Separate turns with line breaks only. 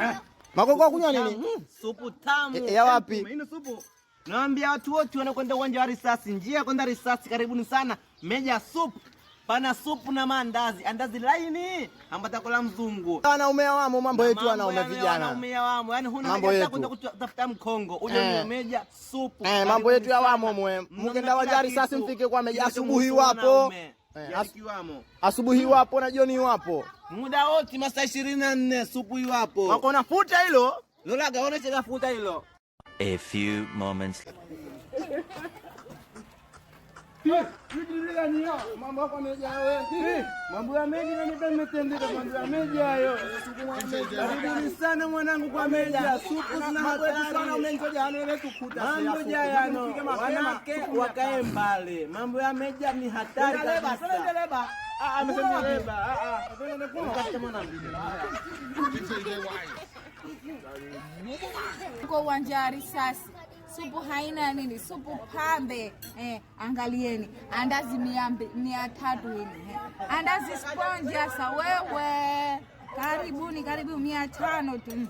Eh, Makoko kunywa nini?
Supu hmm. tamu. Ya wapi? Hii supu. Naambia watu wote wanakwenda uwanja wa risasi, njia kwenda risasi karibuni sana. Meja supu. Pana supu na maandazi, andazi laini ambata kula mzungu.
Wanaume wamo mambo yetu wanaume vijana. Wanaume
wamo, yani huna mambo yetu kwenda kutafuta mkongo, uje eh. ni meja supu.
Eh, mambo yetu ya wamo mwe. Mkenda uwanja wa risasi mfike kwa meja asubuhi wapo. Eh, as, asubuhi mm. wapo na jioni wapo,
muda wote masaa ishirini na nne asubuhi wapo.
Wako na futa hilo
lolaga, onesha futa hilo. A few moments Mambo ya meja na mambo ya meja hayo. Karibuni sana mwanangu kwa meja. Supu zina hatari. Wanawake wakae mbali. Mambo ya meja ni hatari kabisa. Uko uwanja risasi supu haina nini, supu pambe eh, angalieni andazi mia tatu hili eh, andazi sponji. Sasa wewe, karibuni karibu mia tano tu.